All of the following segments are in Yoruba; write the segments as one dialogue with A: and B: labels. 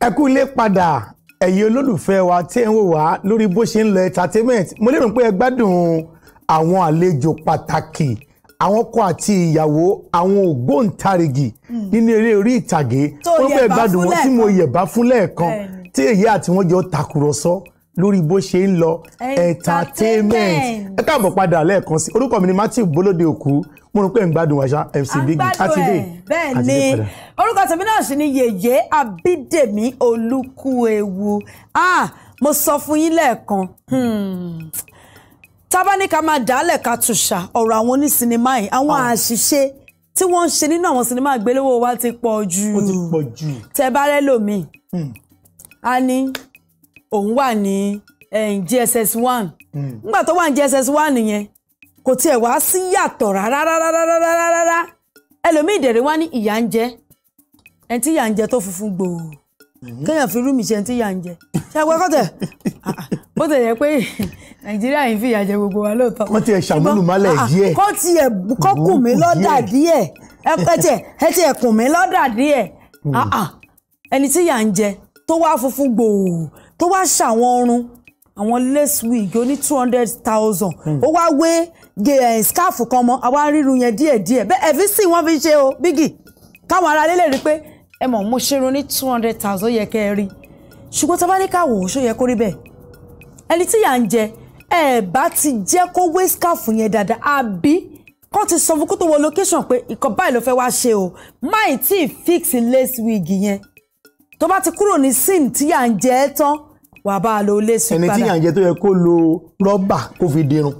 A: ẹ kú ilé padà ẹ̀yin olólùfẹ́ wa tí ẹ ń wò wá lórí bó ṣe ń lọ entertainment mo lérò pé ẹ gbádùn àwọn àlejò pàtàkì àwọn ọkọ àti ìyàwó àwọn ògbóǹtarìgì hmm. nínú eré orí ìtàgé wọn bẹ gbádùn wọn tí mo yẹ̀bá fún tí èyí àti wọn jọ tàkùrọ̀sọ lórí bó ṣe ń lọ entertainment ẹ káàbọ̀ padà lẹ́ẹ̀kan sí orúkọ mi ni matthew bolóde òkú mo rò pé ń gbádùn àṣà mc biggy àti dé bẹ́ẹ̀ ni
B: orúkọ tèmi náà sì ni yèyé abídèmí olúkúewu ah mo sọ fún yín lẹ́ẹ̀kan hmm. tábánikà máa dálẹ̀ ká tùṣà ọ̀rọ̀ àwọn onísinimá yìí àwọn ah. àṣìṣe tí wọ́n ń ṣe nínú àwọn sinimá àgbéléwò wa ti pọ̀ jù tẹ bá rẹ́ lómi hmm. a ní. òun wà ní eh, GSS one hmm. nígbà tó wà ní GSS one yẹn kò tiẹ̀ wá sí yàtọ̀ rárá rárá rárá rárá ẹlòmíì dẹ̀rẹ̀ wá ní ìyà ń jẹ ẹni tí ìyà ń jẹ tó funfun gbòò hmm. kéèyàn fi rúmi ṣe ẹni tí ìyà ń jẹ ṣàgbẹ́ bó ti yẹ pé nàìjíríà yìí jẹ gbogbo wa lóòótọ́. wọ́n ti ẹ̀ ṣàmúlùmálẹ̀ díẹ̀. Ah, kọ́ ti ẹ̀ kọ́ kùn mí lọ́dà díẹ̀ ẹ ti ẹ̀ kùn mí lọ́dà díẹ̀ ẹni tí ń jẹ tó wá funfun gbòò tó wá ṣàwọn ọrùn àwọn lace wig oní two hundred thousand hmm. ó wá wé eh, scarf kan mọ́ àwa ríru yẹn díẹ̀díẹ̀ bẹ́ẹ̀ ẹ̀fí sì wọ́n fi ṣe o bígì káwọn aráalé lè rí i pé ẹ mọ̀ mo ṣe irun ní two hundred thousand yẹ kẹ́ ẹ rí ṣùgbọ́n tó bá ní ká wò ó ṣó yẹ kó rí bẹ́ẹ̀ ẹni tí yà ń jẹ ẹ bá ti jẹ́ kó wé scarf yẹn dáadáa àbí kọ́ ti sọ fún kó tó wọ location pé ìkan báyìí ló fẹ́ wá ṣe o máì tí fix lace wig yẹn tó bá ti kúrò ní sim tí yà ń jẹ ẹ tán wà bá a lo lẹ́sìn padà ẹni tí yànjẹ tó yẹ kó lo rọ́bà kó fi dirun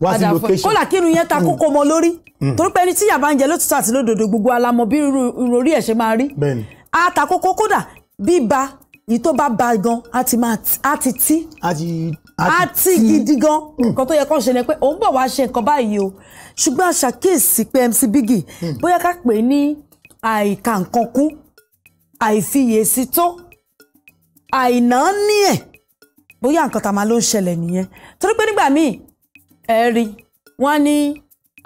B: wá sí location kódà kírun yẹn ta mm. kókó mọ lórí mm. torí pé ẹni tí yàbá ń jẹ ló tún sàtì lódòdó gbogbo alamọ bí orí ẹ̀ ṣe máa rí àtàkókó kódà bíba yìí tó bá ba gan a ti tí a ti gidi gan mm. nǹkan tó yẹ kó ṣe ni pé òun bọ̀ wá ṣe nǹkan báyìí o ṣùgbọ́n aṣàkíyèsí pé MC Biggy bóyá ká pè é ní àìkà nǹkan kún àìfiyèsí tó àìná ní ẹ̀ bóyá nǹkan tá a máa ló ń ṣẹlẹ̀ nìyẹn torí pé nígbà míì ẹ rí wọ́n ní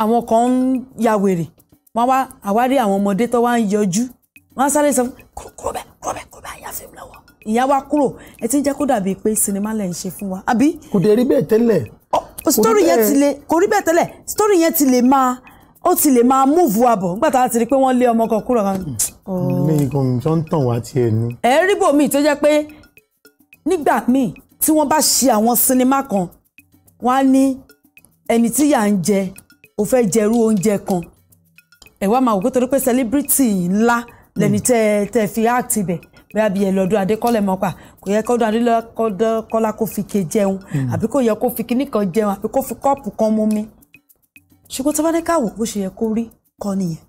B: àwọn kan ń ya wèrè wọ́n wá àwárí àwọn ọmọdé tó wá ń yọjú wọ́n sáré sọ kúrò kúrò bẹ́ẹ̀ kúrò bẹ́ẹ̀ kúrò bẹ́ẹ̀ àyàfẹ́ mi lọ́wọ́ ìyá wa kúrò ẹ ti ń jẹ́ kó dàbí pé sinimá lẹ̀ ń ṣe fún wa àbí. kò dé rí bẹ́ẹ̀ tẹ́lẹ̀. sítórì yẹn ti lè kò rí bẹ́ẹ̀ tẹ́lẹ̀ sítórì yẹn ti lè máa ó ti lè máa múùfù abọ̀ nígbà tá a ti rí pé wọ́n lé ọmọ kan kúrò kan. mi
A: kò ń tàn wá tiẹ̀ ni.
B: ẹ rí bòmíì tó jẹ́ pé nígbà míì tí wọ́n bá ṣe àwọn sinimá kan wọ́n á ní ẹni tí yà ń jẹ ó fẹ́ jẹrú oúnjẹ kan ẹ̀ máa wò kó torí pé celebrity ńlá lẹni tẹ́ hmm. tẹ́ fi act ibẹ̀ bóyá bíi ẹlọ́dún adékọ́lẹ̀ mọ́pa kò yẹ kọ́dún adékọ́lá kó fi ke jẹun hmm. àbí kò yẹ kó fi kíní kan jẹun àbí kó fi kọ́ọ̀pù kan mú mi ṣùgbọ́n tí wọ́n bá ní káwọ́ bó ṣe yẹ kó rí kọ́
A: nìyẹn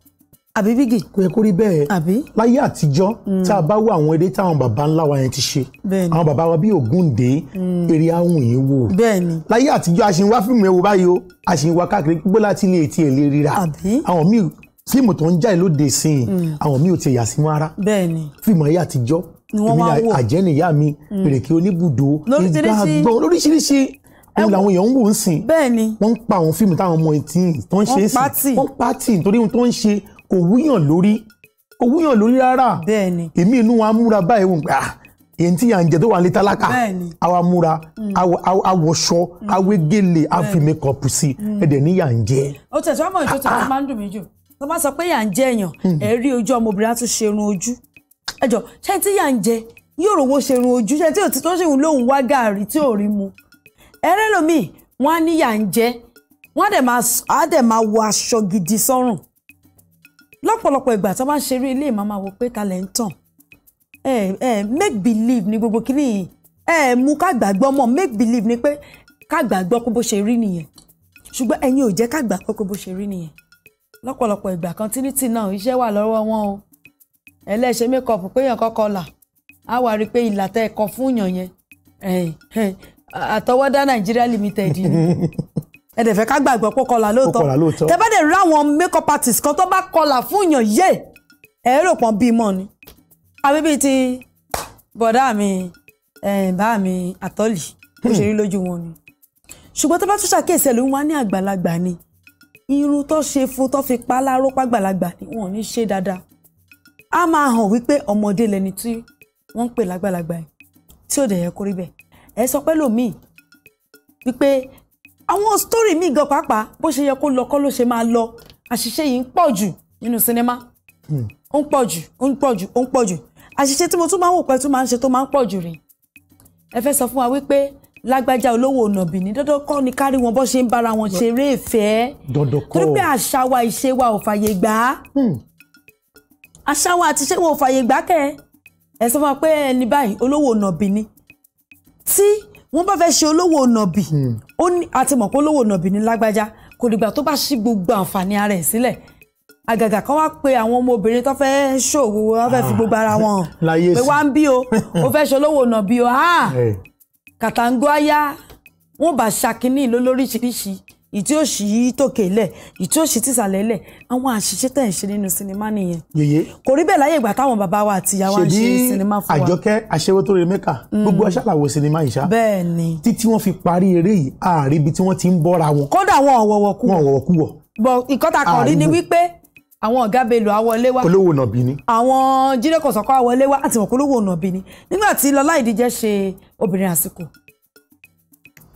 A: àbí bígì. kò yẹ kó rí bẹ́ẹ̀. àbí. láyé àtijọ́ hmm. tá a bá wo àwọn eré táwọn bàbá ńlá wa yẹn ti ṣe. bẹ́ẹ̀ni àwọn bàbá wa bíi Ògúndé. Hmm. eré àwọn yẹn wò. bẹ́ẹ̀ni. láyé àtijọ́ a ṣì ń wá fíìmù ẹ̀ wò báyìí o a ṣì ń wá káàkiri gbogbo láti ilé etí ẹ̀ lè ríra. àbí. àwọn míì fíìmù tó ń jáde lóde ìsìn hmm. àwọn míì ò ti yà sí wọn ara. bẹ́ẹ̀ni. fíìmù ayé àtijọ́ èmi àjẹnìyá òun làwọn èèyàn ń wò ń sìn. bẹ́ẹ̀ni. wọ́n ń pa àwọn fíìmù táwọn ọmọ ẹtí tó ń ṣe é sìn wọ́n pàtì nítorí ohun tó ń ṣe kò wúyàn lórí kò wúyàn lórí rárá bẹ́ẹ̀ni èmi inú wa múra báyìí wọn gbà ah, èyí tí à ń jẹ tó wà ní tálákà àwa múra àwọṣọ àwégélé àfìmẹkọpù sí hmm. ẹdẹ ní yà ń jẹ.
B: ó tẹ̀sán àmọ́ ìjọ tó máa ń dùn mí jù tó bá sọ pé yà ń jẹ èèyàn hmm. ẹ̀ rí ojú ọmọbìnrin á tún ṣe irun ojú ẹjọ ṣé tí yà jẹ yóò rówó ṣe ojú ṣé tí òtítọ́ ṣe lóhùn wá gàárì tí ò rí mu ẹrẹ́ lomi á ní yà jẹ wọ́n á dẹ̀ máa wọ aṣọ gidi sọ́rùn lọ́pọ̀lọpọ̀ ìgbà tó bá ń ṣeré ilé ìmọ̀ máa wò pé ta lẹ̀ ń tàn make believe ni gbogbo kíní yìí ẹ mú ká gbàgbọ́ mọ̀ make believe ni pé ká gbàgbọ́ kó bó ṣe rí nìyẹn ṣùgbọ́n ẹ̀yin ò jẹ́ ká gbàgbọ́ kó bó ṣe rí nìyẹn lọ́pọ̀lọpọ̀ ìgbà kan trinity náà iṣẹ́ wà lọ́wọ́ wọn o ẹlẹ́ṣẹ̀ mékọ̀pù péyàn kọ́kọ́ là á wà rí pé ìlà tẹ́ fún yàn yẹn àtọwọ́dá nàìjíríà limited ni ẹ dẹ̀ fẹ́ ká gbàgbọ́ pé kọlà lóòótọ́ tẹ bá dẹ̀ rí àwọn makeup artist kan tó bá kọlà fún yàn yé ẹ rò pọ́n bíi mọ́ ni àbí ti bọ̀dá mi bá mi àtọ́lì bó ṣe rí hmm. lójú wọn ni ṣùgbọ́n tó bá tún ṣàkíyèsí ẹ̀ ló ń wá ní àgbàlagbà ni irun tó ṣe fún tó fi pa láró pàgbàlagbà ni wọn ò ní ṣe dáadáa a máa hàn wípé ọmọdé lẹni tí wọ́n ń pè lágbàlagbà yìí tí ò dẹ̀ yẹ kó bẹ́ẹ̀ ẹ sọ pé lòmíì wípé àwọn story míì gan pàápàá bó ṣe yẹ kó lọ kọ́ ló ṣe máa lọ àṣìṣe yìí ń pọ̀ jù nínú sinimá hmm. ó ń pọ̀ jù ó ń pọ̀ jù ó ń pọ̀ jù àṣìṣe tí mo tún máa ń wò pé tún máa ń ṣe tó máa ń pọ̀ jù rèé ẹ fẹ́ sọ fún wa wípé lágbájá olówó ònàbì ní dandan kọ́ ni kárí wọn bọ́ ṣe ń bára wọn ṣeré ìfẹ́ torí pé àṣà wa ìṣe wa ò fàyè gbà á hmm. àṣà wa àti ìṣe wa ò fàyè gbà á kẹ́ ẹ sọ fún wa pé ẹni báyìí olówó ònàbì ni tí wọ́n bá fẹ́ ṣe olówó nàbì hmm. ó ní àti mọ̀ pé olówó nàbì ní lágbájá kò dìgbà tó bá ṣí gbogbo àǹfààní ara ẹ̀ sílẹ̀ àgàgà kan wá pe àwọn ọmọbìnrin tó fẹ́ ṣòwò wọ́n fẹ́ fi ah. gbogbo ara wọn hàn pé wá ń bí o ó fẹ́ ṣe olówó nàbì o ah! kàtàǹgó ayá wọ́n bá ṣàkíní lólóríṣiríṣi ìtí ó ṣí tòkè lẹ̀ ìtí ó ṣí tìsàlẹ̀ lẹ̀ àwọn àṣìṣe tẹ̀ ń ṣe nínú sinimá nìyẹn. yèyé kò rí bẹ́ẹ̀ láyé ìgbà táwọn bàbá wa àti ìyá wa ń ṣe sinimá fún wa. ṣèbí àjọkẹ́
A: aṣẹ́wó tó rẹ mẹ́ka hmm. gbogbo aṣàlàwò sinimá yìí ṣá. bẹ́ẹ̀ ni títí wọ́n fi parí eré yìí ààrí
B: ibi tí wọ́n ti ń bọ́ra wọn. kódà wọn ò kú. wọn ò kú wọ̀. bọ̀ ìkọ́ta kan rí ni wípé àwọn ọ̀gá belò àwọlé wa olówó nàbí ni àwọn jíde kọ̀sọ̀kọ̀ àwọlé wa àti olówó nàbí ni nígbà tí Lọlá Ìdíjẹ ṣe obìnrin àsìkò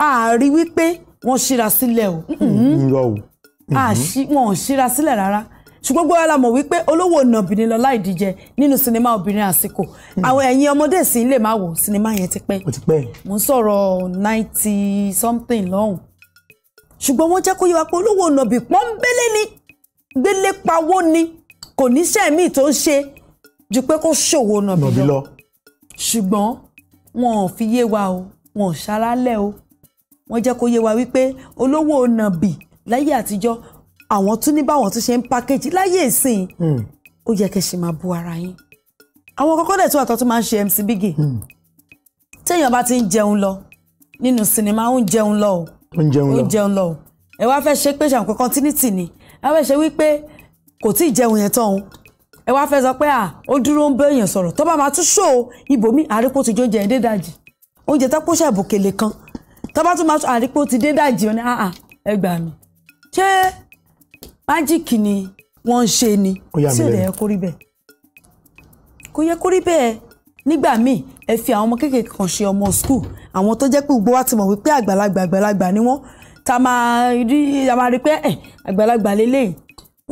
B: ààrí wípé wọ́n ṣíra sílẹ̀ o. irọ́ o. Mm-hmm. wọn ò ṣíra sílẹ̀ rárá ṣùgbọ́n gbọ́dọ̀ la mọ̀ wípé olówó nàbìnrin lọ láì díjẹ nínú sinimá obìnrin àsìkò mm-hmm. àwọn ẹ̀yin ọmọdé sì lè máa wò sinimá yẹn ti pẹ́ mo ń sọ̀rọ̀ ninety something lọ́hùn ṣùgbọ́n wọ́n jẹ́ kó yẹ wá pé olówó nàbì pọ́ńbélé ni gbélé pawó ni kò níṣẹ́ míì tó ń ṣe ju pé kó ṣòwò nàbì lọ ṣùgbọ́n wọn ò fi yé wa o wọn ò ṣaralẹ̀ o wọ́n jẹ́ kó yé wa wípé olówó nàbì láyé àtijọ́ àwọn tún ní báwọn tún ṣe ń pákéjì láyé ìsìn hmm. ó yẹ kẹ́ ṣe máa bu ara yín àwọn kọ́kọ́ dẹ̀ tó àtọ́ tó máa ń ṣe MC bigi hmm. téèyàn bá ti ń jẹun lọ nínú sinimá ó ń jẹun lọ ó ń jẹun lọ ẹ wá fẹ́ ṣe pé ṣàǹkó continuity ni ẹ wá fẹ́ ṣe wípé kò tí ì jẹun yẹn tán o ẹ wá fẹ́ sọ pé à ó dúró ń bẹ èèyàn sọ̀rọ̀ tó bá máa tún ṣó ibòmí àríkó ti jó oúnjẹ dé dàjì oúnjẹ tápó ṣàbòkèlè kan tọ́ba tún máa àrípò ti dé dàjì ọ ní àà ah, ah, ẹ gbà mí ṣé májíìkì ni wọ́n ń ṣe ni sí ìrẹ̀ kó rí bẹ́ẹ̀ kò yẹ kó rí bẹ́ẹ̀ nígbà míì ẹ fi àwọn ọmọ kéékèèké kan ṣe ọmọ skul àwọn tó jẹ́ pé gbogbo wa ti mọ̀ wípé àgbàlagbà àgbàlagbà ni wọ́n ta máa rí ta máa rí pé ẹ eh, àgbàlagbà lélẹ́yìn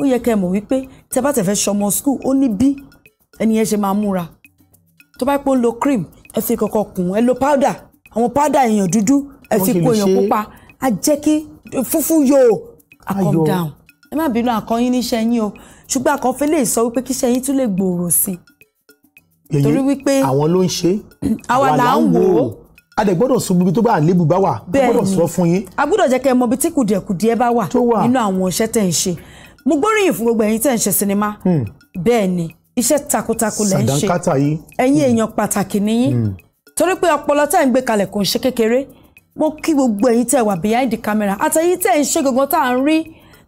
B: ó yẹ kẹ́ mọ̀ wípé tẹ bá tẹ̀ fẹ́ ṣọmọ skul ó ní bí ẹni yẹn ṣe máa múra tó bá pọ́n lo cream ẹ fi kọ̀kọ̀ kùn ẹ lo powder àwọn powder èèyàn dúdú ẹ fi kó èèyàn pupa á jẹ́ kí fúnfún yóò a calm down ẹ má bínú àkọyín níṣẹ́ yín o ṣùgbọ́n àkọ́fẹ́ lè sọ wípé kíṣẹ́ yín tún lè gbòòrò sí
A: i torí wípé àwọn ló ń
B: ṣe àwa là ń wò ó a dẹ̀ gbọ́dọ̀ sọ ibi tó bá àlébù bá wà a gbọ́dọ̀ sọ fún yín. a gbọ́dọ̀ jẹ́ kẹ́ ẹ mọ ibi tí kùdìẹ̀kùdìẹ̀ bá wà nínú àwọn iṣẹ́ tẹ̀ ń ṣe mo gbóríyìn fún gbogbo ẹ̀yin tẹ̀ ń ṣe sinimá hmm. bẹ́ẹ̀ ni iṣẹ́ takuntakun lẹ̀ ń ṣe ẹ̀yin hmm. èèyàn pàtàkì nìyí hmm. torí pé ọpọlọ tẹ̀ ń gbé kalẹ̀ kò ń ṣe kékeré mo kí gbogbo ẹ̀yin tẹ́ wà behind the camera àtẹ̀yin tẹ́ ń ṣe gangan tá à ń rí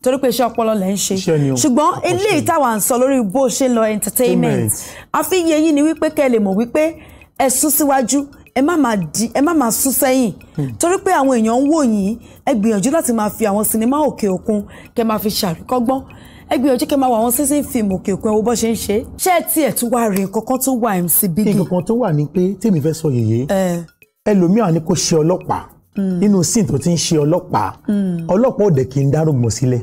B: torí pé iṣẹ́ ọpọlọ lẹ ń ṣe ṣùgbọ́n eléyìí táwa ń sọ lórí bó ṣe lọ entertainment àfi iye yín ni wípé kẹ́ lè mọ̀ wípé ẹ sún síwájú ẹ má máa di ẹ má máa sún sẹ́yìn hmm. torí pé àwọn èèyàn ń wò yín ẹ gbìyànjú láti máa fi àwọn sinimá òkè òkun kẹ́ máa fi ṣàríkọ́gbọ́n ẹ gbìyànjú kẹ́ máa wọ àwọn sísìn fíìmù òkè òkun ẹ wo bó ṣe ń ṣe ṣé ẹ tiẹ̀ tún wá rí nǹkan kan tó wà MC Biggy. nǹkan tó wà ní
A: pé tèmi fẹ́ sọ yèyé ẹlòmíràn ni kò ṣe ọlọ́pàá Mm. nínú sin tó ti ń ṣe ọlọ́pàá mm. ọlọ́pàá òde kì í dárúgbọ̀n sílẹ̀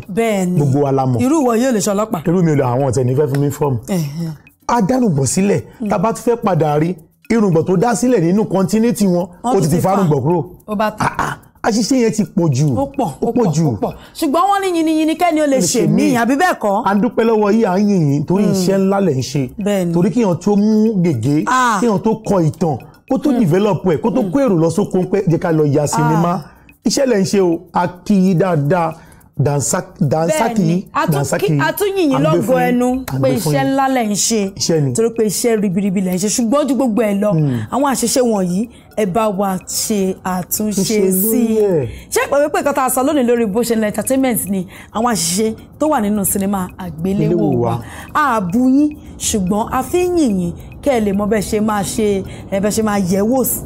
A: gbogbo wa la mọ̀ irú
B: ìwọ yóò lè ṣe ọlọ́pàá
A: irú mi ò lè àwọn ọ̀tẹ̀ ní fẹ́ fún mi fọ́ọ̀mù a dárúgbọ̀n sílẹ̀ mm. tá a bá tún fẹ́ padà rí irùngbọ̀n tó dá sílẹ̀ nínú kọ́ńtínẹ́tì wọn ó ti ti fárùngbọ̀n kúrò ah, ah. àṣìṣe yẹn ti pọ̀ jù ó pọ̀ ó pọ̀ jù
B: ṣùgbọ́n wọ́n ní yinyinyin kẹ́ni ó lè ṣe mí àbí bẹ́ẹ̀ kọ́. a dúpẹ́ lọ́wọ́
A: yìí à ń yìnyín torí iṣẹ́ ńlá lẹ̀ ń ṣe torí kíyàn tó mú gègé ah. kíyàn tó kọ ìtàn kó tó hmm. develop ẹ̀ kó tó hmm. kó èrò lọ sóko ń pẹ́ ká lọ ya sinimá ah. iṣẹ́ lẹ̀ ń ṣe o a kì í dáadáa dansaki dansaki àtúnyìnyín lọ́gọ ẹnu pé iṣẹ́
B: ńlá lẹ̀ ń ṣe torí pé iṣẹ́ ribiribi lẹ̀ ń ṣe ṣùgbọ́n ju gbogbo ẹ̀ lọ hmm. àwọn àṣìṣe wọ̀nyí ẹ bá wa ṣe àtúnṣe sí i ṣé pẹ̀lú pé kọ́ta sọ lónìí lórí bó ṣe ń lọ entertainment ni àwọn àṣìṣe tó wà nínú sinimá àgbéléwò wa ààbù ṣùgbọ́n a fi ń yìnyín kẹ́ ẹ lè mọ bẹ́ẹ̀ ṣe máa ṣe bẹ́ẹ̀ ṣe máa yẹ̀ wò sí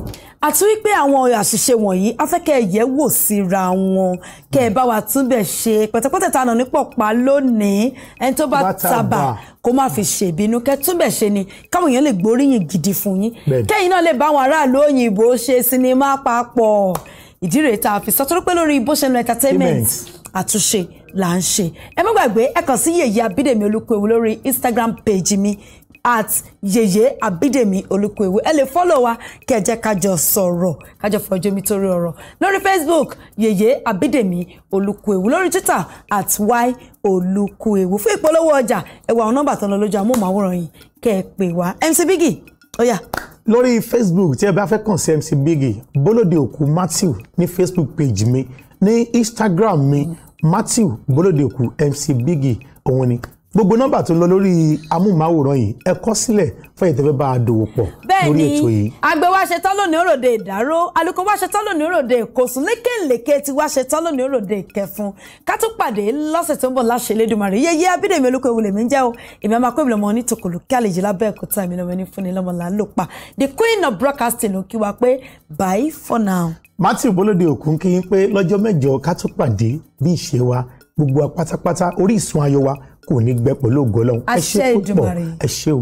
B: àti wípé àwọn àṣìṣe wọ̀nyí afẹ́kẹ́ ẹ̀yẹ́ wò síra wọn kẹ́ ẹ bá wa túbẹ̀ ṣe pẹ̀tẹ̀pẹ̀tẹ̀ tanà ní pọ̀pá lónìí ẹni tó bá tàbà kó má fi ṣèbínú kẹ́ túbẹ̀ ṣe ni káwọn èèyàn lè gbóríyìn gidi fún yín kẹ́yìn náà lè bá àwọn aráàlú òyìnbó ṣe sinimá papọ̀ ìdí rèé tá a fi sọ pé lórí bó ṣe lọ entertainment àtúnṣe là ń ṣe ẹ má gbàgbé ẹ kàn sí yèyé abídèmí olúkúewu lórí Instagram page mi at yeye abidemi olùkọ́ewé ẹ lè fọ́lọ̀ wa kẹ́ ẹ jẹ́ kájọ sọ̀rọ̀ kájọ fọjọ́ mi torí ọ̀rọ̀ lórí facebook yeye abidemi olùkọ́ewé lórí twitter at y olùkọ́ewé fún ìpolówó ọjà ẹ wo àwọn nọ́mbà tó ń lọ lójú amóhùnmáwòrán yìí kẹ́ ẹ pè wá mc Biggie. Oya. yá. lórí
A: facebook tí ẹ bá fẹ́ kàn sí mc Biggie. bólódé òkú matthew ní facebook page mi ní instagram mi matthew bólódé òkú mc Biggie òun ni gbogbo nọ́mbà tó ń lọ lórí amóhùnmáwòrán yìí ẹ kọ sílẹ̀ fún ìtẹ́fẹ́ bá a dòwò pọ̀ lórí ètò yìí. bẹ́ẹ̀ni
B: àgbẹ̀ wa ṣetán lónìí òròde ìdáró alùkò wa ṣetán lónìí òròde ìkòsùn lékèlékè tí wa ṣetán lónìí òròde ìkẹfun ká tún pàdé lọ́sẹ̀ tó ń bọ̀ láṣẹ Elédùmarè yẹyẹ abídèmí olùkọ ìwúlẹ̀ mi ń jẹ́ o èmi àmà pé ìbílẹ̀ ọmọ kí àlejò lábẹ́ ẹ̀kọ́tà mi lọ́mọ ní fúnni lọ́mọ là the queen of broadcasting ló kí bye for now.
A: Matthew Bolóde Òkun kí n pé lọ́jọ́ mẹ́jọ ká wa gbogbo wa pátápátá orí ìsun ayọ̀ wa kò ní gbẹ pẹ̀lú ògo Ọlọ́run ẹ ṣé púpọ̀ ẹ ṣé o.